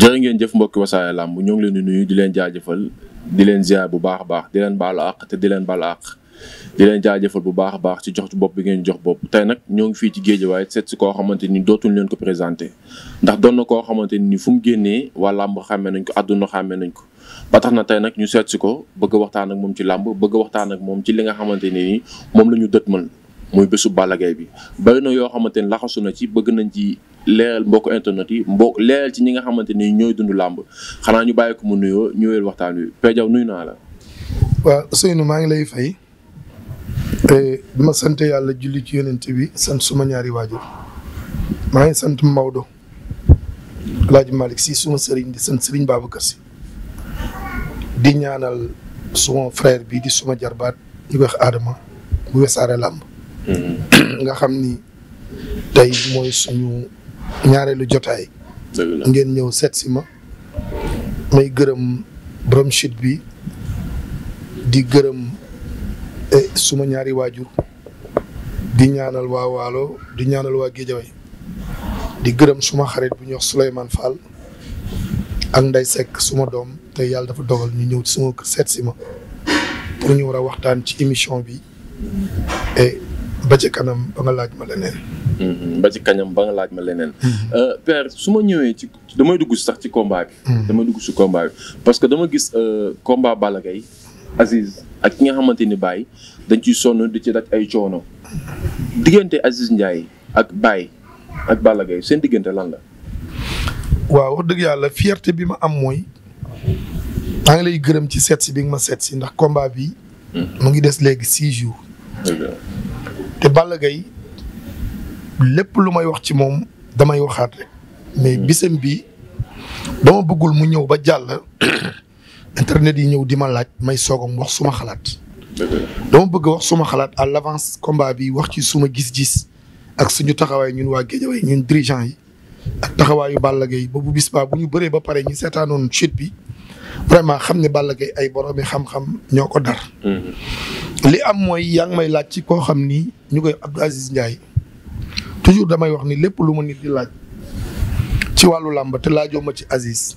jërë ngeen jëf mbokki wasaare làmb ñoo ngi leen di nuyu di leen jaajëfal di leen ziar bu baax a baax di leen baalu àq te di leen baalu àq di leen jaajëfal bu baax a baax ci jox ci bopp bi ngeen jox bopp tey nag ñoo ngi fii ci géej waaye seet si koo xamante ni dootuñ leen ko présenté ndax doon na koo xamante nii fu mu génnee waa làmb xàmmee nañ ko àdduna xàmmee nañ ko ba na tey nag ñu seet si ko bëgg waxtaan ak moom ci làmb bëgg waxtaan ak moom ci li nga xamante ne moom la ñu dëtmal muy bésu Balla bi bari na yoo xamante ni laxasu na ci bëgg nañ ci leeral mbokk internet yi mbokk leeral ci ñi nga xamante ni ñooy dund làmb xanaa ñu bàyyi ko mu nuyoo ñëweel waxtaan wi Père Diaw nuyu naa la. waaw Seynou maa ngi lay fay bi ma sant yàlla julli ci yonent bi sant suma ñaari waajur maa ngi sant Maodo El Hadj Malick si suma sëriñ di sant sëriñ Babacar di ñaanal suma frère bi di suma jarbaat ñu koy wax Adama bu Wassare Lamb mm-hmm. nga xam ni tey mooy suñu. ñaareelu jotaay. ngeen ñëw seet si ma. may gërëm borom chute bi di gërëm e, suma ñaari waajur di ñaanal waa Waalo di ñaanal waa Géejawaay di gërëm suma xarit bu ñuy wax Souleymane Fall ak Ndeye Seck suma doom te yàlla dafa dogal ñu ñëw ci suma kër seet si ma pour ñu war a waxtaan ci émission bi e, ba ca kanam ba nga laaj ma leneen. Mhm. ba ci kañam ba nga laaj ma leneen. Mhm. Euh, père su ma ñëwee ci damay dugg sax ci combat bi. Mhm. damay dugg si komba bi parce que dama gis euh, combat Balla Gaye Aziz ak ki nga xamante ni dañ ciy sonn di ci daj ay coono diggante Aziz Ndiaye ak Baye ak Balla seen diggante lan la. waaw wax dëgg yàlla fierte bi ma am mooy maa ngi lay gërëm ci seet bi nga ma seet si ndax combat bi mu ngi des léegi six jours. te Balla lépp lu may wax ci moom damay waxaat mais hmm. bisam bi dama bëggul mu ñëw ba jàll internet yi ñëw di ma laaj may soogam wax suma xalaat. dama bëgg wax suma xalaat à l'avance combat bi wax ci suma gis-gis ak suñu taxawaay ñun waa Guédiawaye ñun dirigeant yi ak taxawaayu Balla Gaye ba bu bis baa bu ñu baree ba pare ñu seetaanoon chute bi vraiment xam ne Balla Gaye ay boroomi xam-xam ñoo ko dar. Hmm. li am mooy yaa ngi may laaj ci koo xam ni ñu koy Abdou Aziz Ndiaye. toujours damay wax ni lépp lu ma nit di laaj ci wàllu làmb te laajoo ma ci Aziz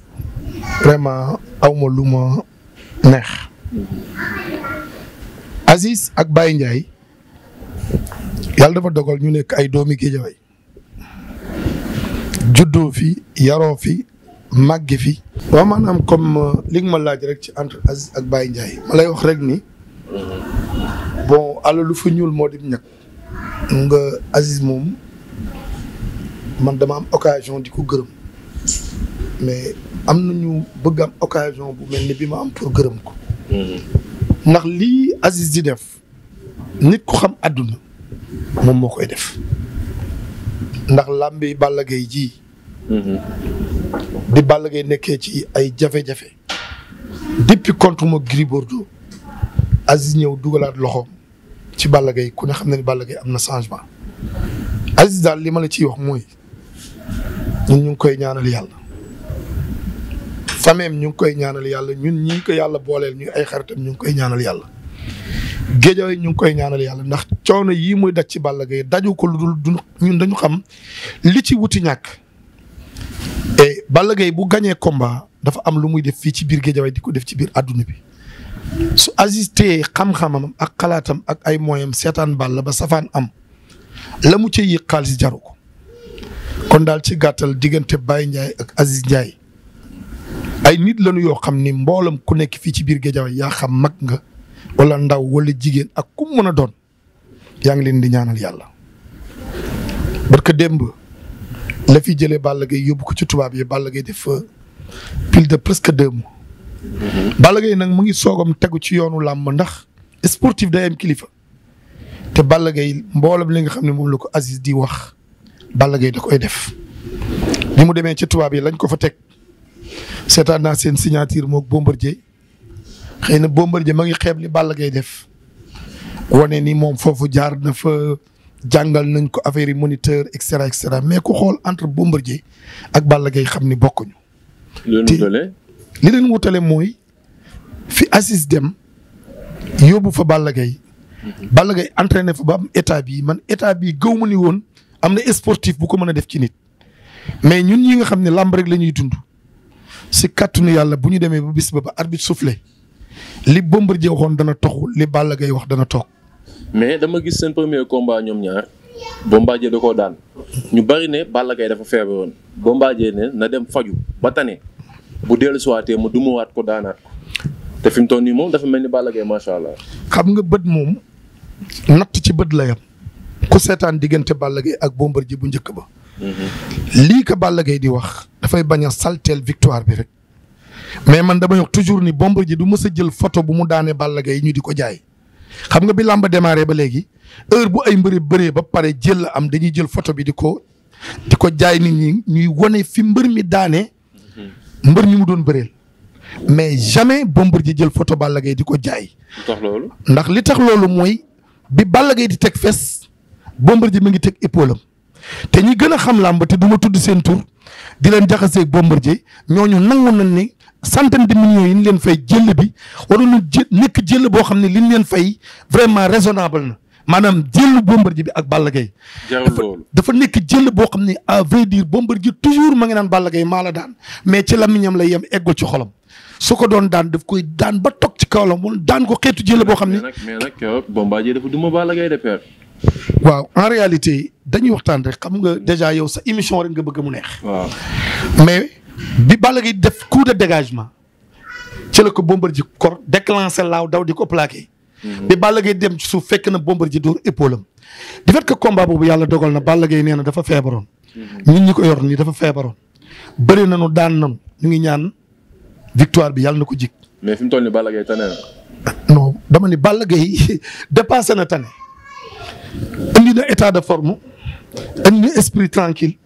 vraiment awma lu ma neex Aziz ak Baye Ndiaye yàlla dafa dogal ñu nekk ay doomi Géejawaay juddoo fi yaroo fi màgge fi waaw maanaam comme euh, li nga ma laaj rek ci entre Aziz ak Baye Ndiaye ma lay wax rek ni bon alalu fa ñuul moo di ñàkk nga Aziz moom man dama am occasion di ko gërëm mais am na ñu bëgg am occasion bu mel ni bi ma am pour gërëm ko mm-hmm. ndax lii Aziz di def nit ku xam àdduna moom moo koy def ndax làmbi Balla Gaye ji di mm-hmm. Balla Gaye nekkee ci ay jafe-jafe depuis contre ma Gris Bordeaux Aziz ñëw dugalaat loxo ci Balla Gaye ku ne xam ne ni Balla Gaye am na changement Aziz daal li ma la ciy wax mooy ñun ñu ngi koy ñaanal yàlla fameem ñu ngi koy ñaanal yàlla ñun ñi ko yàlla booleel ñu ay xaritam ñu ngi koy ñaanal yàlla. géejoo yi ñu ngi koy ñaanal yàlla ndax coono yii muy daj ci Balla Gaye daju ko lu du ñun dañu xam li ci wuti ñàkk. et Balla Gaye bu gañee komba dafa am lu muy def fii ci biir géejawaay di ko def ci biir àdduna bi su agistee xam-xamam ak xalaatam ak ay moyam seetaan Balla ba safaan am la mu ci yëg xaalis jaru ko. kon daal ci gàttal diggante Baye Ndiaye ak Aziz Ndiaye ay nit lañu yoo xam ni mboolam ku nekk fii ci biir Guédiawaye yaa xam mag nga wala ndaw walla jigéen ak ku mën a doon yaa ngi leen di ñaanal yàlla. barke démb la fi jëlee Balla Gaye yóbbu ko ci tubaab yi Balla Gaye def pile de presque deux mois. Mm-hmm. Balla Gaye nag mu ngi soogam tegu ci yoonu làmb ndax sportif day am kilifa te Balla Gaye mboolam li nga xam ne moom la ko Aziz di wax. Balla Gaye da koy def ni mu demee ci tubaab yi lañ ko fa teg seetaan naa seen signature moog Bombardier xëy na Bombardier ma ngi xeeb li Balla gay def wane nii moom foofu jaar na fa jàngal nañ ko affaire yi moniteur et cetera et cetera mais ku xool entre Bombardier ak Balla Gaye xam ni bokkuñu. li leen wutale mooy fi Aziz dem yóbbu fa Balla Gaye mhm. Balla Gaye entraîné fa ba am état bi man état bi gëw ma ni woon. am na sportif bu ko mën a def ci nit mais ñun ñi nga xam ne làmb rek la ñuy dund si kàttanu yàlla bu ñu demee ba bis ba ba arbitre soufflé li Bombardier waxoon dana toxu li Balla Gaye wax dana toog. mais dama gis seen premier combat ñoom ñaar Bombardier da koo daan ñu bari ne Balla Gaye dafa feebar woon Bombardier ne na dem faju ba tane bu dellu siwaatee mu dumuwaat ko daanaat te fi mu toll nii moom dafa mel ni Balla Gaye macha allah. xam nga bët moom natt ci bët la yam ku seetaan diggante Balla Gaye ak Bombardier bu njëkk ba. Mhm. lii ko Balla Gaye di wax dafay bañ a salteel victoire bi rek. mais man dama wax toujours ni ji du mës a jël photo bu mu daanee Balla Gaye ñu di ko jaay. xam nga bi làmb démarré ba léegi heure bu ay mbëri bëree ba pare jël am dañuy jël photo bi di ko di ko jaay nit ñi ñuy wone fi mbër mi daane mhm. mbër mi mu doon bëreel. mais jamais Bombardier jël photo Balla Gaye di ko jaay. ndax li tax loolu mooy bi Balla Gaye di teg Bombardier mi ngi teg épaule te ñi gën a xam làmb te du ma tudd seen tur di leen jaxaseeg Bombardier ñooñu nangu nañ ni centaine de millions yi ñu leen fay jël bi waroon na jë nekk jël boo xam ne li ñu leen fay vraiment raisonnable na maanaam jël Bombardier bi ak Balla dafa nekk jël boo xam ni à vrai dire Bombardier toujours ma ngi naan Balla Gaye maa la daan mais ci lamiñam la yem eggul ci xolom su ko doon daan daf koy daan ba toog ci kawlam wala daan ko xeetu jël boo xam ne mais nag mais nag Bombardier dafa duma Balla Gaye waaw en réalité dañuy waxtaan rek xam nga déjà yow sa émission rek nga bëgg mu neex. mais bi Balla Gaye def coup de dégagement ci ko Bombardier kor déclenché laaw daw di ko plaqué. Mhm. bi Balla Gaye dem ci suuf fekk na Bombardier dóor épaule am. di fait que combat boobu yàlla dogal na Balla Gaye nee na dafa feebaroon. Mhm. nit ñi ko yor nii dafa feebaroon. bëri na nu daan nañu ñu ngi ñaan victoire bi yàlla na ko jig. mais fi mu toll nii Balla Gaye tane na. dama ni Balla Gaye dépassé na tane. indi na état de forme indi na esprit tranquille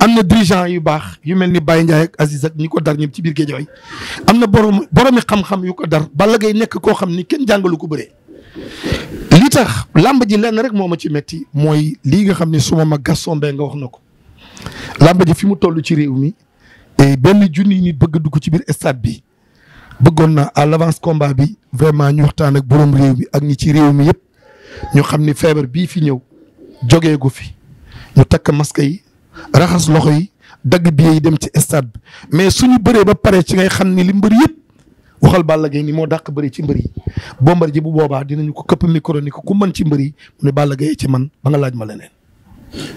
am na dirigeant yu baax yu mel ni Baye Ndiaye ak Aziz ak ñi ko dar ñëpp ci biir Guédiawaye am na borom boromi xam-xam yu ko dar Balla Gaye nekk koo xam ni kenn jàngalu ko bëree. li tax làmb ji lenn rek moo ma ci métti mooy lii nga xam ne suma ma Gaston Mbengue nga wax na ko làmb ji fi mu toll ci réew mi e benn junni nit bëgg dugg ci biir stade bi bëggoon na à l'avance combat bi vraiment ñu waxtaan ak borom réew mi ak ñi ci réew mi yëpp ñu xam ni feebar bii fi ñëw jógee gu fi ñu takk masque yi raxas loxo yi dagg billet yi dem ci stade bi mais suñu bëree ba pare ci ngay xam ni li mbër yëpp waxal Balla Gaye ni moo dàq bëri ci mbër yi Bombardier ji bu boobaa dinañu ko këpp micro ni ko ku mën ci mbër yi mu ne Balla Gaye ci man ba nga laaj ma leneen.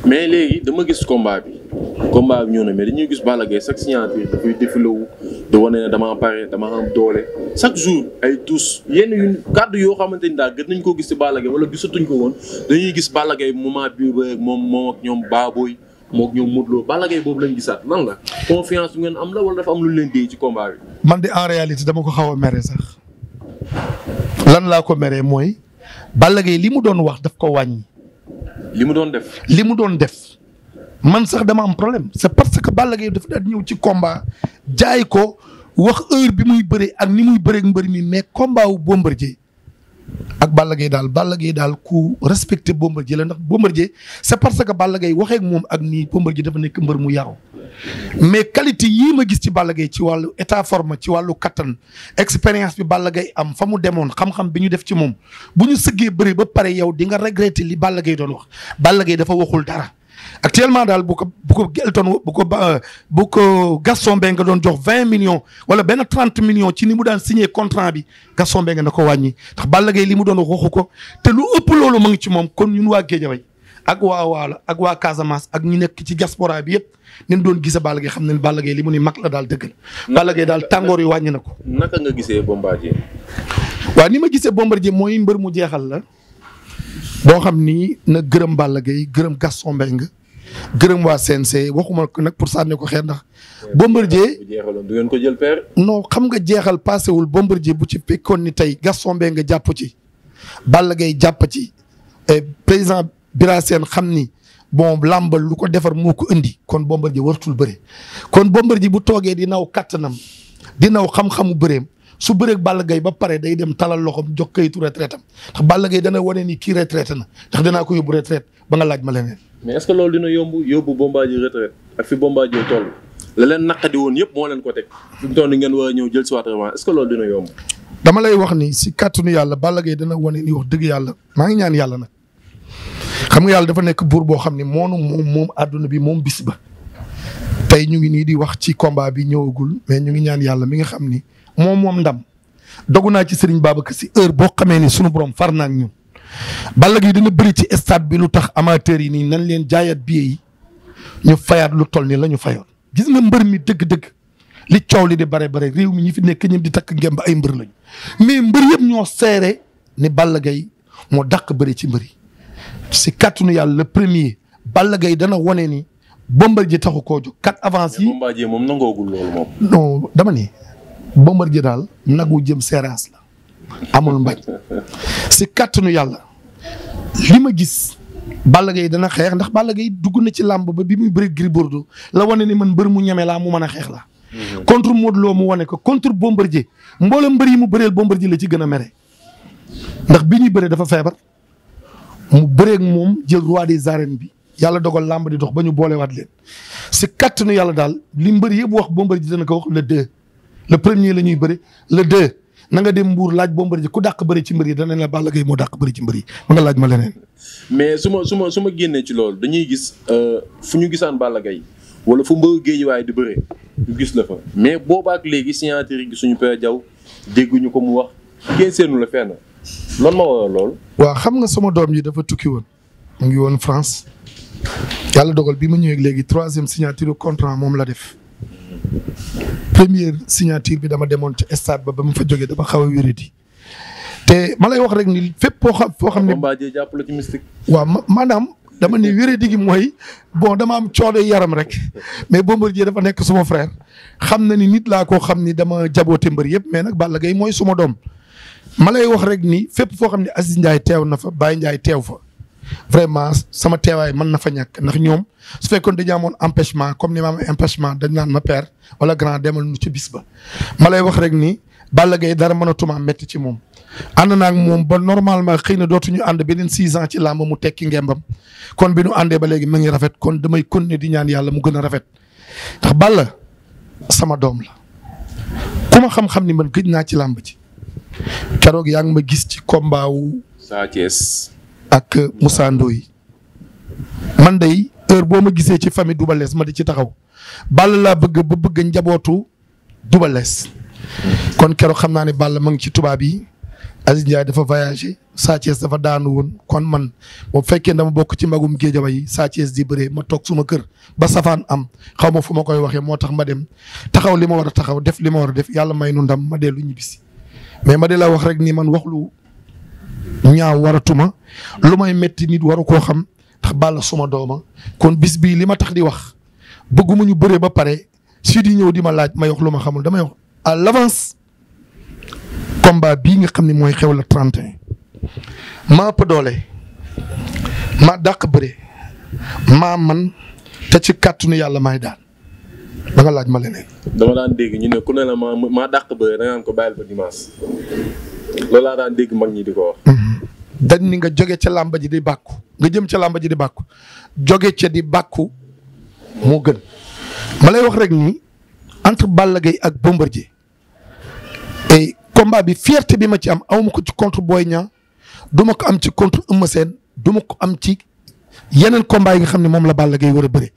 mais léegi dama gis combat bi combat bi ñoo na mais dañuy gis Balla Gaye chaque signature dafay défilé wu da wane ne damaa pare damaa am doole chaque jour ay tous yenn yu kàddu yoo xamante ni daal gën nañ koo gis ci Balla Gaye wala gisatuñ ko woon dañuy gis Balla moment ba moom moom ak ñoom Baboy moom ak ñoom Modou Lo boobu lañ gisaat lan la confiance bu ngeen am la wala dafa am lu leen dee ci combat bi. man di en réalité dama ko xaw a mere sax lan laa ko meree mooy Balla li mu doon wax daf ko wàññi. li mu doon def. li mu doon def man sax dama am problème c'est parce que Balla Gaye dafa daan ñëw ci combat jaay ko wax heure bi muy bëri ak ni muy bëree mbër mi mais combat wu Bombardier ak Balla Gaye daal Balla Gaye daal ku respecté Bombardier la ndax jee c'est parce que Balla Gaye waxeek moom ak nii Bombardier dafa nekk mbër mu yaru mais qualité yii ma gis ci Balla Gaye ci wàllu état forme ci wàllu kattan expérience bi Balla Gaye am fa mu demoon xam bi ñu def ci moom bu ñu sëggee bëri ba pare yow di nga regretter li Balla gay doon wax Balla Gaye dafa waxul dara. actuellement daal bu ko bu ko Elton bu ko bu ko Gaston Mbengue doon jox vingt millions wala benn trente millions ci ni mu daan signé contrat bi Gaston Mbengue na ko wàññi ndax Balla Gaye li mu doon wax waxu ko te lu ëpp loolu ma ngi ci moom kon ñun waa Guédiawaye ak waa waalo ak waa Casamance ak ñu nekk ci diaspora bi yëpp nañ doon gis Balla Gaye xam ne Balla Gaye li mu ni mag la daal dëgg la. Balla Gaye daal tàngoor yi wàññi na ko. naka nga gisee Bombardier. waaw ni ma gisee Bombardier mooy mbër mu jeexal la boo xam ni na gërëm Balla Gaye gërëm Gaston Mbengue gërëm waa CNC waxuma ko nag pour sànni ko xeer ndax. Bombardier jeexaloon ngeen ko jël père. xam nga jeexal paasewul Bombardier bu ci fekkoon ni tey Gaston Mbengue nga jàpp ci Balla Gaye jàpp ci eh, président. Bira Sène xam ni bon làmbal lu ko defar moo ko indi kon Bombardier wartul bëre kon bombar ji bu toogee di naw kattanam di naw xam-xamu xam bëreem su bëreeg Balla Gaye ba pare day dem talal loxom jox kayitu retraite am ndax Balla Gaye dana wane ni kii retraite na ndax danaa ko yóbbu retraite ba nga laaj ma leneen. mais est loolu dina yomb yóbbu Bombardier retraite ak fi Bombardier toll. la leen naqadi woon yëpp moo leen ko teg fi mu nii ngeen war a jël si waat revanche est dina yomb. dama lay wax ni si kàttanu yàlla Balla dana wane ni wax dëgg yàlla maa ngi ñaan yàlla nag xam nga yàlla dafa nekk buur boo xam ne moonu moom moom àdduna bi moom bis ba tey ñu ngi nii di wax ci combat bi ñëwagul mais ñu ngi ñaan yàlla mi nga xam ni moom moom ndam dogu naa ci Serigne Babacar si heure boo xamee ni sunu borom far naa ñu ñun. Balla dina bëri ci stade bi lu tax amateur yi nii nañ leen jaayaat billet yi fayaat lu toll nii la ñu fayoon gis na mbër mi dëgg-dëgg. li coow li di bare bare réew mi ñu fi nekk ñëpp di takk ngemb ay mbër lañu mais mbër yëpp ñoo seere ni Balla Gaye moo dàq bëri ci mbër yi si kàttanu yàlla le premier Balla Gaye dana wone ni Bombardier taxu koo jóg quatre avance yi. Bombardier moom nangoogul loolu moom. non dama ni Bombardier daal nagu jëm seeraas la amul mbañ si kàttanu yàlla li ma gis. Balla Gaye dana xeex ndax Balla Gaye dugg na ci làmb ba bi muy bëri Gris Bordeaux la wone ni man bër mu ñeme laa mu mën a xeex la mhm. contre Modou mu wane ko contre Bombardier mboolem mbër yi mu bëreel Bombardier la ci gën a mere ndax bi ñuy bëree dafa feebar. mu bëreeg moom jël roi des arènes bi yàlla dogal làmb di dox ba ñu boolewaat leen si kàttanu yàlla daal li mbër yëpp wax Bombardier dana ko wax le deux le premier la ñuy bëri le deux na nga dem mbuur laaj Bombardier ku dàq bëri ci mbër yi danañ la Balla Gaye moo dàq bëri ci mbër yi laaj ma leneen. mais su ma su ma génnee ci loolu dañuy gis euh, fu ñu gisaan Balla Gaye wala fu mbër géej waaye di bëree ñu gis la fa mais boobu ak léegi signature gi suñu Père Diaw dégguñu ko mu wax seenu la fenn. lan ma waral loolu. waaw xam nga suma doom ji dafa tukki woon mu ngi woon France yàlla dogal bi ma ñëwee léegi troisième signature contrant moom la def première signature bi dama demoon ci stade ba ba mu fa jógee dafa xaw a wéradi te ma lay wax rek ni fépp foo xam foo xam ne. Bombardier jàppale ci mystique. waaw maanaam dama ne wéradi gi mooy bon dama am coono yaram rek mais Bombardier dafa nekk suma frère xam na ni nit laa koo xam ni dama jaboote mbër yëpp mais nag Balla Gaye mooy suma doom. ma lay wax rek nii fépp foo xam ne Aziz Ndiaye teew na fa Baye Ndiaye teew fa vraiment sama teewaay mën na fa ñàkk ndax ñoom su fekkoon dañu amoon empêchement comme ni ma am empêchement dañ naan ma père wala grand demal nu ci bis ba. ma lay wax rek ni Balla gay dara mënatuma métti ci moom ànd naa moom ba normalement xëy na dootuñu ànd beneen six ans ci làmb mu tekki ngembam kon bi nu àndee ba léegi ma ngi rafet kon damay kon continuer di ñaan yàlla mu gën a rafet ndax Balla sama doom la ku ma xam ni man gëj naa ci làmb ci keroog yaa ngi ma gis ci combat wu. ak Moussa Ndoye man day heure boo ma gisee ci famille Double Less ma di ci taxaw Balla laa bëgg ba bëgg njabootu Double kon keroog xam naa ne Balla ma ngi ci tubaab yi Aziz Ndiaye dafa voyagé Sa dafa daanu woon kon man bu fekkee dama bokk ci magum géejawa yi Sa Thiès di bëree ma toog suma kër ba safaan am xaw ma fu ma koy waxee moo tax ma dem taxaw li ma war a taxaw def li ma war a def yàlla may nu ndam ma dellu ñibbisi mais ma di la wax rek ni man waxlu ñaaw waratuma lu may metti nit waru koo xam ndax Balla suma dooma kon bis bii li ma tax di wax bëgguma ñu bëree ba pare si di ñëw di ma laaj may wax lu ma xamul damay wax à l'avance combat bii nga xam ni mooy xew la 31 maa ëpp doole maa daq bëre maa man te ci kàttanu yàlla maay daal da nga laaj ma leneen. dama daan dégg ñu ne ku ne la maa maa dàq ba da nga ko bàyyil ba dimanche loolu laa daan dégg mag ñi di ko wax. Mm-hmm. dañ ni nga joge ca làmba ji di bàkku nga jëm ca làmba ji di bàkku joge ca di bàkku moo gën ma lay wax rek ni entre Balla Gaye ak Bombardier et combat bi fierté bi ma ci am awma ko ci contre Boy Niang duma ko am ci contre Eumeu Sène duma ko am ci. yeneen combat yi nga xam ne moom la Balla Gaye war a bëre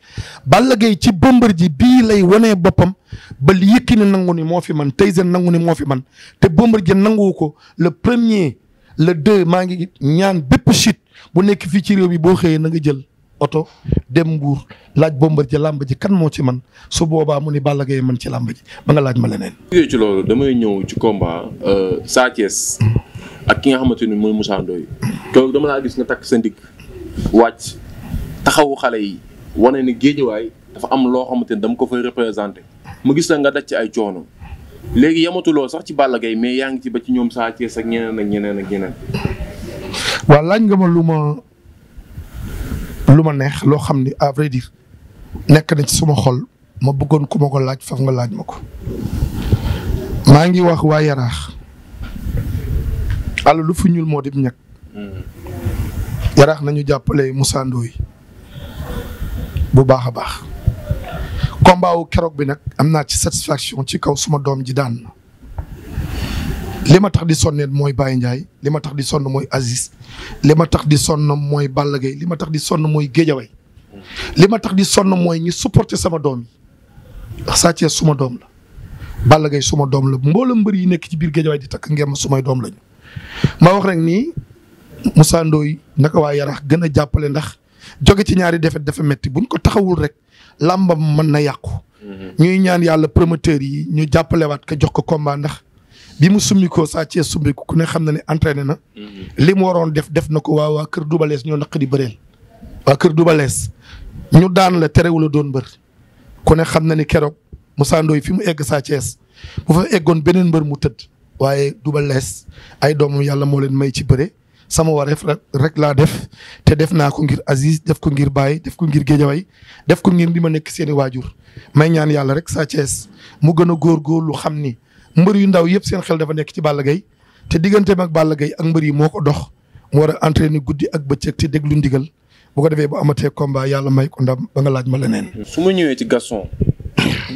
Balla Gaye ci ji bii lay wanee boppam ba li Yékini nangu ni moo fi man Tyson nangu ni moo fi man te Bombardier nanguwu ko le premier le deux maa ngi ñaan bépp chute bu nekk fii ci réew yi boo xëyee na nga jël oto dem Mbuur laaj Bombardier làmb ji kan moo ci man su boobaa mu ni Balla Gaye man ci làmb ji ba nga laaj ma leneen. ci loolu damay ñëw ci komba euh, Sa Thiès ak ki nga xamante ni dama laa gis nga takk sa ndigg wàcc taxawu xale yi wane ni géejawaay dafa am loo xamante ni dama ko fay représenté ma gis la nga daj ci ay coono léegi yamatuloo sax ci Balla Gaye mais yaa ngi ci ba ci ñoom Sa Thiès ak ñeneen ak ñeneen ak ñeneen. waaw laaj nga ma lu ma lu ma neex loo xam ni à vrai nekk na ci suma xol ma bëggoon ku ma ko laaj faf nga laaj ma ko. maa ngi wax waa Yaraax. àll fi ñuul moo di ñàkk. yaraax nañu jàppale Moussa bu baax a baax combat keroog bi nag am naa ci satisfaction ci kaw suma doom ji daan na li ma tax di sonneet mooy Baye Ndiaye li ma tax di sonn mooy Aziz li ma tax di sonn mooy Balla Gaye li ma tax di sonn mooy Géejawaay lima tax di sonn mooy ñi supporter sama doom yi ndax Sa Thiès suma doom la Balla Gaye suma doom la mbooloo mbër yi nekk ci biir Géejawaay di takk ngeem sumay doom lañu ma wax rek nii Moussa Ndoye naka waa Yarax gën a jàppale ndax jóge ci ñaari defet dafa metti buñ ko taxawul rek làmbam mën na yàqu. Mm-hmm. ñuy ñaan yàlla promoteur yi ñu jàppalewaat ko jox ko combat ndax bi mu summi ko saa cee summi ku ne xam na ne entraîné na. Mm-hmm. li mu waroon def def na ko waa waa kër Dubalees ñoo naq di bëreel. waa kër Dubalees ñu daan la terewul a doon mbër ku ne xam na ni keroog Moussa Ndoye fi mu egg saa cees bu fa eggoon beneen mbër mu tëdd waaye Dubalees ay doomam yàlla moo leen may ci bëre. sama wareef rek laa def te def naa ko ngir Aziz def ko ngir Baye def ko ngir Géejawaay def ko ngir bi ma nekk seeni waajur may ñaan yàlla rek Sa Thiès mu gën a lu xam ni mbër yu ndaw yëpp seen xel dafa nekk ci Balla Gaye te digganteem ak Balla Gaye ak mbër yi moo ko dox mu war a entraîner guddi ak bëccëg te déglu ndigal boo ko defee bu amatee combat yàlla may ko ndam ba nga laaj ma neen su ma ñëwee ci Gaston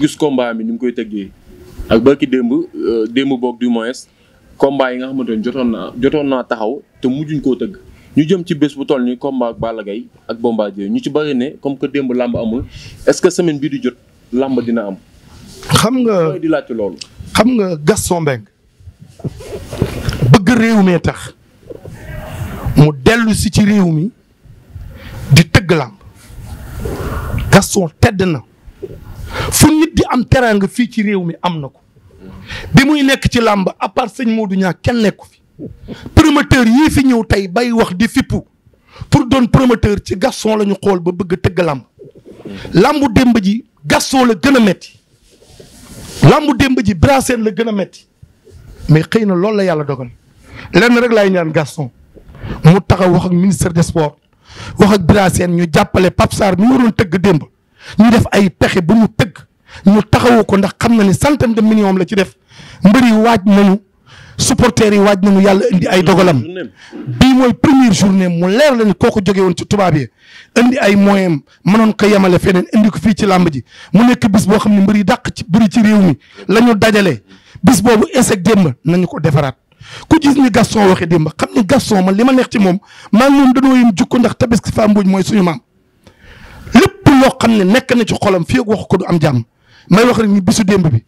gis combat mi nu mu koy tëggee ak barki démb euh, démb boog du moins. combat yi nga xamante ne jotoon naa jotoon naa taxaw te mujjuñ koo tëgg ñu jëm ci bés bu toll nii combat ak Balla ak Bombardier ñu ci bëri ne comme que démb làmb amul est-ce que semaine bii di jot làmb dina am. xam nga di laajte xam nga Gaston Mbengue bëgg réew mee tax mu dellusi ci réew mi di tëgg làmb Gaston tedd na fu nit di am teraanga fii ci réew mi am na ko. bi muy nekk ci làmb à part sëñ du ñaa kenn nekku fi promoteur yii fi ñëw tey bay wax di fippu pour doon promoteur ci Gaston la ñu xool ba bëgg a tëgg làmb làmbu démb ji Gaston la gën a metti làmbu démb ji Brassène la gën a metti mais xëy na loolu la yàlla dogal lenn rek laay ñaan Gaston mu taxaw wax ak ministre de sports wax ak Brassène ñu jàppale Pape Sarr mi waroon tëgg démb ñu def ay pexe bu mu tëgg ñu taxawu ko ndax xam na ne centaine de millions la ci def mbër yi waaj nañu supporters yi waaj nañu yàlla indi ay dogalam bii mooy première journée mu leer la ko kooku jóge woon ci tubaab yi indi ay moyens mënoon ko yemale feneen indi ko fii ci làmb ji mu nekk bis boo xam ne mbër yi dàq ci bëri ci réew mi la ñu dajale bis boobu échec démb nañu ko defaraat ku gis ni Gaston waxee démb xam ni Gaston ma li ma neex ci moom maa ngi moom dañoo jukko ndax tabaski fa mbuuj mooy suñu maam lépp loo xam ne nekk na ci xolam fii wax ko du am jàmm may wax rek ni bisu démb bi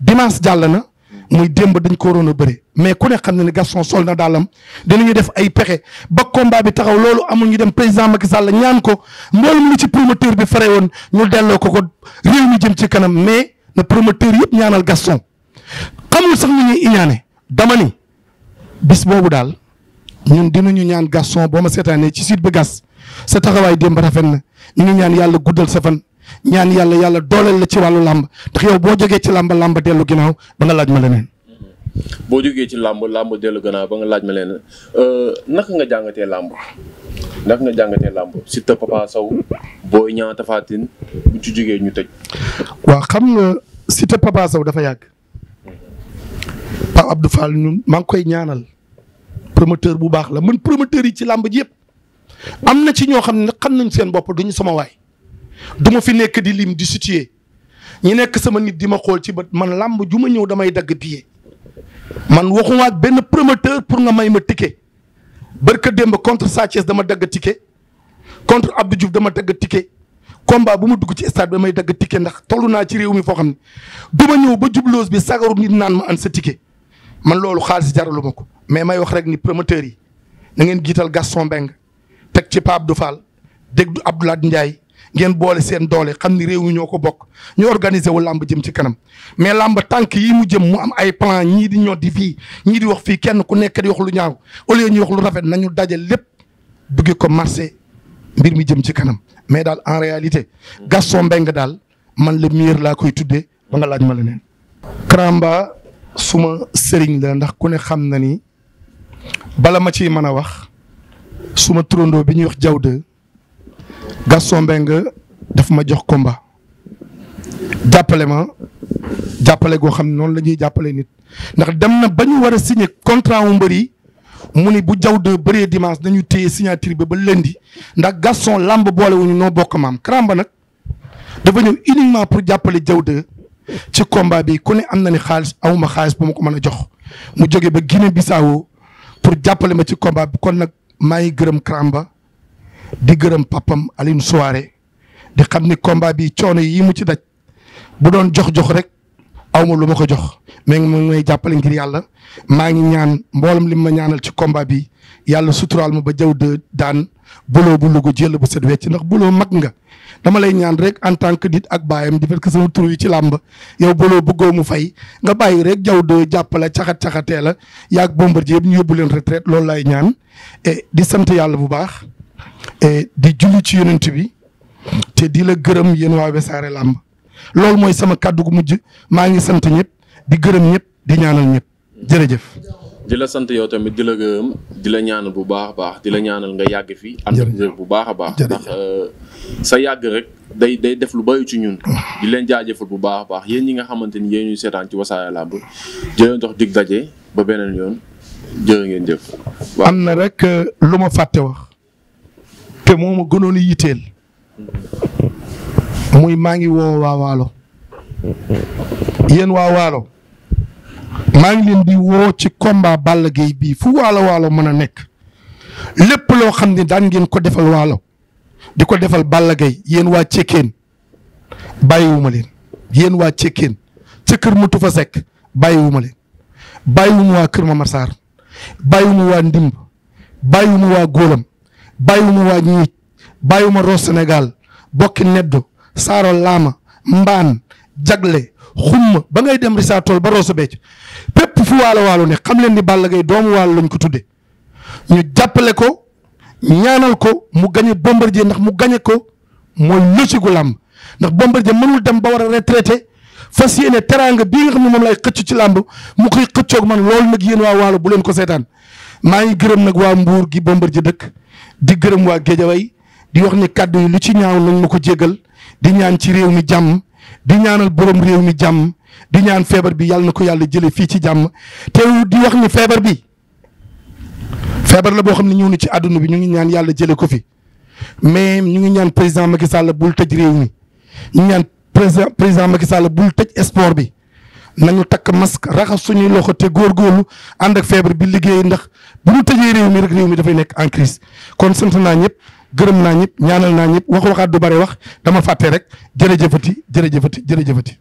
dimanche jàll na muy démb dañ ko waroon a bëri mais ku ne xam na ne Gaston sol na daalam dinañu def ay pexe ba combat bi taxaw loolu amul ñu dem président Macky Sall ñaan ko mboolem lu ci promoteur bi fare woon ñu delloo ko ko réew mi jëm ci kanam mais na promoteur yëpp ñaanal Gaston xamul sax ni ñuy iñaane dama ni bis boobu daal ñun dinañu ñaan Gaston boo ma seetaanee ci site bi gas sa taxawaay démb rafet na ñu ngi ñaan yàlla guddal sa ñaan yàlla yàlla dooleel la ci wàllu làmb te boo jógee ci làmb làmb dellu ginnaaw ba nga laaj ma leneen. boo jógee ci làmb làmb dellu gannaaw ba nga laaj ma leen euh, naka nga nga jàngatee làmb Siteu Papa Sow Boy Niang Tapha Tine bu ci jógee ñu tëj. waaw xam nga Siteu Papa dafa yàgg Pape Abdou Fall maa ngi koy ñaanal promoteur bu baax la man promoteur yi ci làmb ji am na ci ñoo xam ne xam nañ seen bopp duñu sama waay du ma fi nekk di lim di situé ñi nekk sama nit di ma xool ci bët man làmb ju ma ñëw damay dagg billet man waxuma ak benn promoteur pour nga may ma ticket barka démb contre Sathiès dama dagg ticket contre Abdou Diouf dama dagg ticket combat bu ma dugg ci stade bi may dagg ticket ndax toll naa ci réew mi foo xam ne du ma ñëw ba jubloos bi sagaru nit naan ma an sa ticket man loolu xaalis jaralu ma ko mais may wax rek ni promoteur yi na ngeen jiital Gaston Mbengue teg ci Pape Abdou Fall dégg Abdoulaye Ndiaye ngeen boole seen doole xam ni réew ñoo ko bokk ñu organiser wu làmb jëm ci kanam mais làmb tànk yi mu jëm mu am ay plan ñii di ñoddi fii ñii di wax fii kenn ku nekk di wax lu ñaaw au lieu ñuy wax lu rafet nañu daje lépp bëgg ko marché mbir mi jëm ci kanam mais daal en réalité Gaston Mbengue daal man le meilleur laa koy tudde ba nga laaj ma leneen. Karamba suma sëriñ la ndax ku ne xam na ni bala ma ci mën a wax suma turandoo bi ñuy wax jaww Gaston Mbengue daf ma jox combat jàppale ma jàppale goo xam noonu la ñuy jàppale nit ndax dem na ba ñu war a signé contrant wu mbër yi mu ni bu jaw de bëree dimanche nañu téye signature bi ba lundi ndax Gaston làmb boole wuñu noo bokk maam Karamba nag dafa ñëw uniquement pour jàppale jaw de bi ku ne am na xaalis awuma xaalis bu ma ko mën a jox mu jóge ba Guinée Bissau pour jàppale ma ci combat bi kon nag maa ngi gërëm Karamba di gërëm pappam Alioune soire di xam ni combat bi coono yi mu ci daj bu doon jox-jox rek aw ma lu ma ko jox mais mu ngi may jàppale ngir yàlla maa ngi ñaan mboolam lim ma ñaanal ci combat bi yàlla suturaal ma ba jaw de daan buloo bu lugu jël bu set wecc ndax buloo mag nga dama lay ñaan rek en tant que dit ak baayam di fekk sama tur yi ci làmb yow buloo bëggoo mu fay nga bàyyi rek jaw de jàppale caxat caxatee la yaag bombardier yëpp ñu yóbbu leen retraite loolu laay ñaan di sant yàlla bu baax. di julli ci yonent bi te di la gërëm yéen waa Wassare Lamb loolu mooy sama kàddu gu mujj maa ngi sant ñëpp di gërëm ñëpp di ñaanal ñëpp jërëjëf. di la sant yow tamit di la gërëm di la ñaanal bu baax a baax la ñaanal nga yàgg fi ànd bu baax a baax ndax euh, sa yàgg rek day day def lu bëri ci ñun di leen jaajëfal bu baax a baax yéen ñi nga xamante ni yéen ñuy seetaan ci Wassare Lamb jëleen dox dig daje ba beneen yoon jëf am na rek euh, lu ma fàtte wax te moo ma gënoon yitteel muy maa ngi woo waa waalo yéen waa waalo maa ngi leen di woo ci combat Balla Gaye bii fu waalo waalo mën a nekk lépp loo xam ne daan ngeen ko defal waalo di ko defal Balla Gaye yéen waa cekkeen bàyyiwuma leen yéen waa cekkeen ca kër mu tufa sekk bàyyiwuma leen bàyyiwuma waa kër ma Marsar bàyyiwuma waa ndimb bàyyiwuma waa góolam bàyyiwuma waa ñi bàyyiwuma Ros senegal bokki neddu saaro laama mbaan jagle xumma ba ngay dem risaa tool ba Rosso Béthio pepp fu waalo waalo ne xam leen ni Balla gay doomu waalo lañ ko tudde ñu jàppale ko ñaanal ko mu gañe Bombardier ndax mu gañe ko mooy logique lamb ndax Bombardier mënul dem ba war a retraité fas yeene teraanga bii nga xam ne moom lay xëcc ci làmb mu koy xëccoog man loolu nag yéen waa waalo bu leen ko seetaan maa ngi gërëm nag waa Mbour gi Bombardier ji dëkk di gërëm waa Géejawaay di wax ni kàddu yi lu ci ñaaw nañ ma ko jégal di ñaan ci réew mi jàmm di ñaanal borom réew mi jàmm di ñaan feebar bi yàlla na ko yàlla jëlee fii ci jàmm te di wax ni feebar bi feebar la boo xam ne ñëw na ci àdduna bi ñu ngi ñaan yàlla jëlee ko fi mais ñu ngi ñaan président Macky Sall bul tëj réew mi ñu ñaan président président Macky Sall bul tëj sport bi. nañu takk masque raxas suñuy loxo te góorgóorlu ànd ak feebar bi liggéey ndax bu ñu tëjee réew mi rek réew mi dafay nekk en crise kon sant naa ñëpp gërëm naa ñëpp ñaanal naa ñëpp wax waxaat du bare wax dama fàtte rek jërëjëfati jërëjëfati jërëjëfati